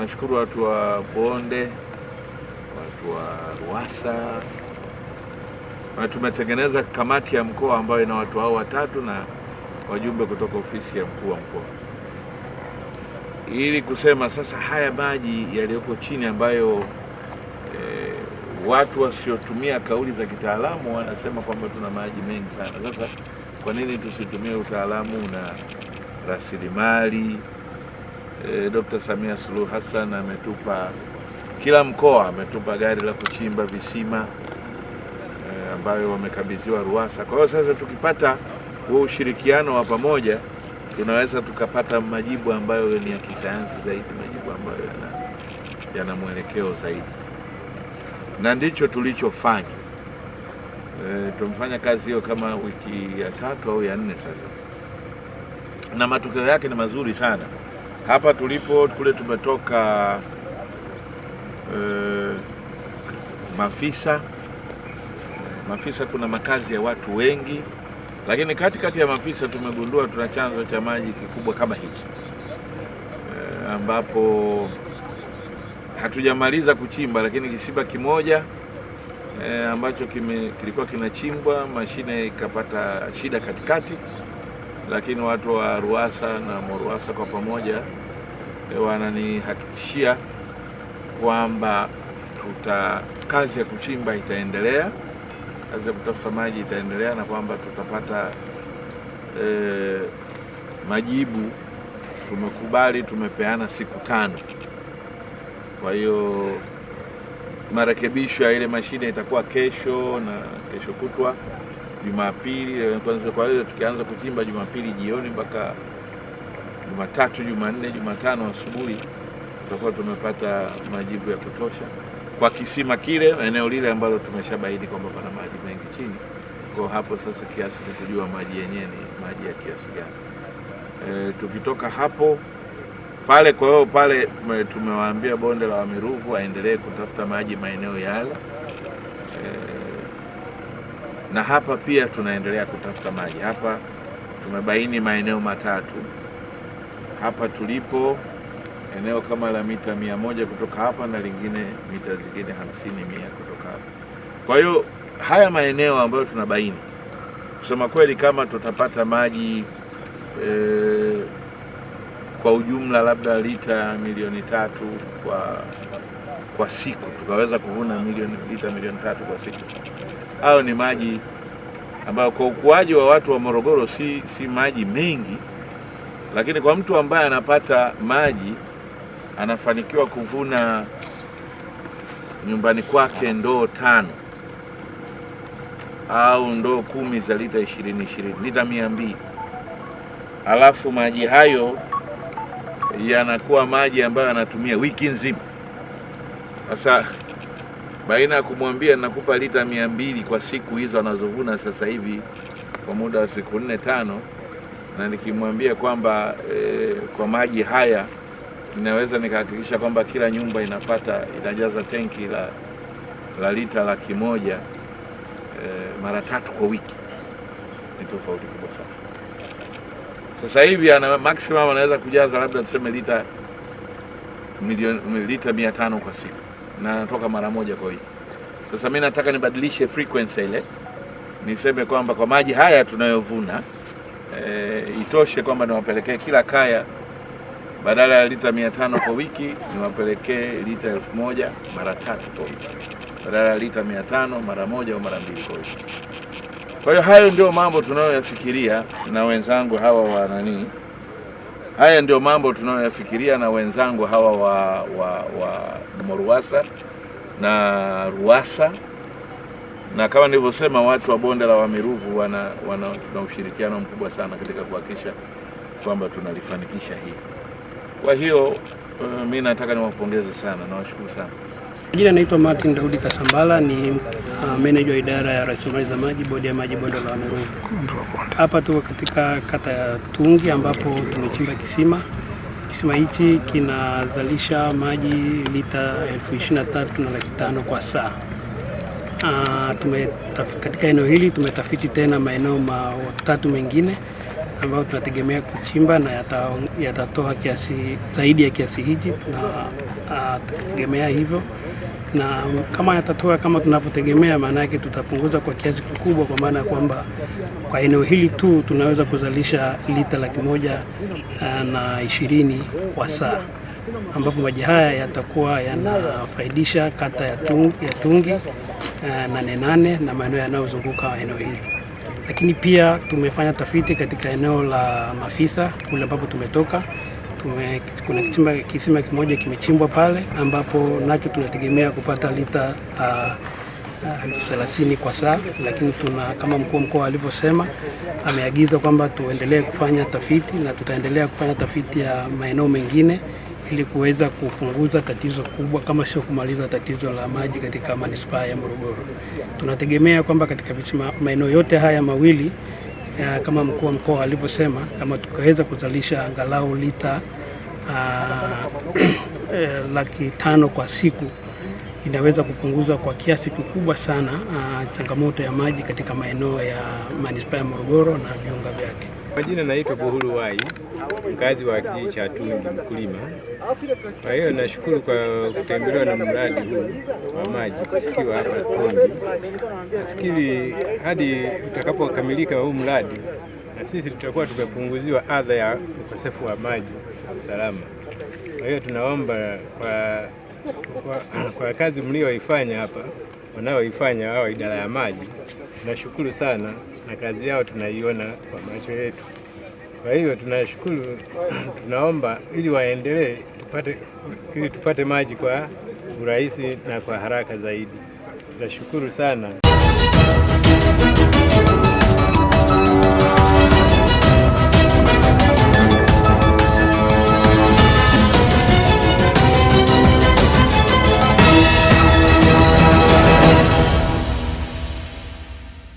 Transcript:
nashukuru watu wa bonde watu wa ruasa na tumetengeneza kamati ya mkoa ambayo ina watu hao watatu na wajumbe kutoka ofisi ya mkuu wa mkoa, ili kusema sasa haya maji yaliyoko chini ambayo eh, watu wasiotumia kauli za kitaalamu wanasema kwamba tuna maji mengi sana. Sasa kwa nini tusitumie utaalamu na rasilimali eh, Dr. Samia Suluhu Hassan ametupa kila mkoa ametupa gari la kuchimba visima eh, ambayo wamekabidhiwa ruasa. Kwa hiyo sasa tukipata huo ushirikiano wa pamoja tunaweza tukapata majibu ambayo ni ya kisayansi zaidi, majibu ambayo yana, yana mwelekeo zaidi, na ndicho tulichofanya. E, tumefanya kazi hiyo kama wiki ya tatu au ya nne sasa, na matokeo yake ni mazuri sana. Hapa tulipo kule tumetoka e, Mafisa. Mafisa kuna makazi ya watu wengi, lakini katikati kati ya Mafisa tumegundua tuna chanzo cha maji kikubwa kama hiki e, ambapo hatujamaliza kuchimba, lakini kisiba kimoja e, ambacho kime, kilikuwa kinachimbwa mashine ikapata shida katikati, lakini watu wa Ruwasa na Moruwasa kwa pamoja wananihakikishia kwamba tuta kazi ya kuchimba itaendelea, kazi ya kutafuta maji itaendelea na kwamba tutapata e, majibu. Tumekubali, tumepeana siku tano. Kwa hiyo marekebisho ya ile mashine itakuwa kesho na kesho kutwa Jumapili. Kwa hiyo tukianza kuchimba Jumapili jioni mpaka Jumatatu, Jumanne, Jumatano asubuhi tutakuwa tumepata majibu ya kutosha kwa kisima kile eneo lile ambalo tumeshabaini kwamba pana maji mengi chini. Kwa hapo sasa kiasi ni kujua maji yenyewe ni maji ya kiasi gani. E, tukitoka hapo pale, kwa hiyo pale tumewaambia bonde la Wamiruvu aendelee kutafuta maji maeneo yale e, na hapa pia tunaendelea kutafuta maji. Hapa tumebaini maeneo matatu hapa tulipo eneo kama la mita mia moja kutoka hapa na lingine mita zingine hamsini mia kutoka hapa. Kwa hiyo haya maeneo ambayo tunabaini, kusema kweli, kama tutapata maji e, kwa ujumla labda lita milioni tatu kwa, kwa siku tukaweza kuvuna milioni, lita milioni tatu kwa siku, hayo ni maji ambayo kwa ukuaji wa watu wa Morogoro si, si maji mengi lakini kwa mtu ambaye anapata maji anafanikiwa kuvuna nyumbani kwake ndoo tano au ndoo kumi za lita ishirini ishirini lita mia mbili alafu maji hayo yanakuwa maji ambayo anatumia wiki nzima. Sasa baina ya kumwambia nakupa lita mia mbili kwa siku hizo anazovuna sasa hivi kwa muda wa siku nne tano na nikimwambia kwamba e, kwa maji haya ninaweza nikahakikisha kwamba kila nyumba inapata inajaza tenki la, la lita laki moja e, mara tatu kwa wiki, ni tofauti kubwa sana. Sasa hivi ana maximum anaweza kujaza labda tuseme lita milioni lita mia tano kwa siku na anatoka mara moja kwa wiki. Sasa mimi nataka nibadilishe frequency ile niseme kwamba kwa maji haya tunayovuna e, itoshe kwamba niwapelekee kila kaya badala ya lita mia tano kwa wiki niwapelekee lita elfu moja mara tatu kwa wiki badala ya lita mia tano mara moja au mara mbili kwa wiki. Kwa hiyo hayo ndio mambo tunayoyafikiria na wenzangu hawa wa nani, haya ndio mambo tunayoyafikiria na wenzangu hawa wa, wa, wa MORUWASA na RUWASA na kama nilivyosema, watu wa bonde la Wamiruvu wana, wana na ushirikiano mkubwa sana katika kuhakikisha kwamba tunalifanikisha hili. Kwa hiyo uh, mi nataka niwapongeze sana, nawashukuru sana. Jina naitwa Martin Daudi Kasambala ni uh, meneja wa idara ya rasilimali za maji bodi ya maji bonde la Wamiruvu. Hapa tuko katika kata ya Tungi ambapo tumechimba kisima. Kisima hichi kinazalisha maji lita elfu ishirini na tatu na laki tano kwa saa. Ah, katika eneo hili tumetafiti tena maeneo matatu mengine ambayo tunategemea kuchimba na yatatoa yata kiasi zaidi ya kiasi hiki na ah, tunategemea hivyo, na kama yatatoa kama tunavyotegemea, maana yake tutapunguza kwa kiasi kikubwa, kwa maana ya kwamba kwa eneo hili tu tunaweza kuzalisha lita laki moja ah, na ishirini kwa saa ambapo maji haya yatakuwa yanafaidisha kata ya Tungi, ya Tungi Eh, nane Nane na maeneo yanayozunguka eneo hili. Lakini pia tumefanya tafiti katika eneo la Mafisa kule ambapo tumetoka tume, kuna kisima, kisima kimoja kimechimbwa pale ambapo nacho tunategemea kupata lita ah, ah, elfu thelathini kwa saa, lakini tuna kama mkuu mkoa alivyosema ameagiza kwamba tuendelee kufanya tafiti na tutaendelea kufanya tafiti ya maeneo mengine ili kuweza kupunguza tatizo kubwa kama sio kumaliza tatizo la maji katika manispaa ya Morogoro. Tunategemea kwamba katika maeneo yote haya mawili ya, kama mkuu wa mkoa alivyosema, kama tukaweza kuzalisha angalau lita a, laki tano kwa siku inaweza kupunguza kwa kiasi kikubwa sana changamoto ya maji katika maeneo ya manispaa ya Morogoro na viunga vyake. Majina naitwa Buhuru Wai, mkazi wa kijiji cha Tuni, mkulima. Kwa hiyo nashukuru kwa kutembelewa na mradi huu wa maji kufikiwa hapa Tuni. Nafikiri hadi utakapokamilika huu mradi, na sisi tutakuwa tumepunguziwa adha ya ukosefu wa maji salama. Kwa hiyo tunaomba kwa, kwa, kwa kazi mlioifanya hapa wanaoifanya hao idara ya maji, nashukuru sana na kazi yao tunaiona kwa macho yetu. Kwa hiyo tunashukuru, tunaomba ili waendelee, tupate ili tupate maji kwa urahisi na kwa haraka zaidi. Tunashukuru sana.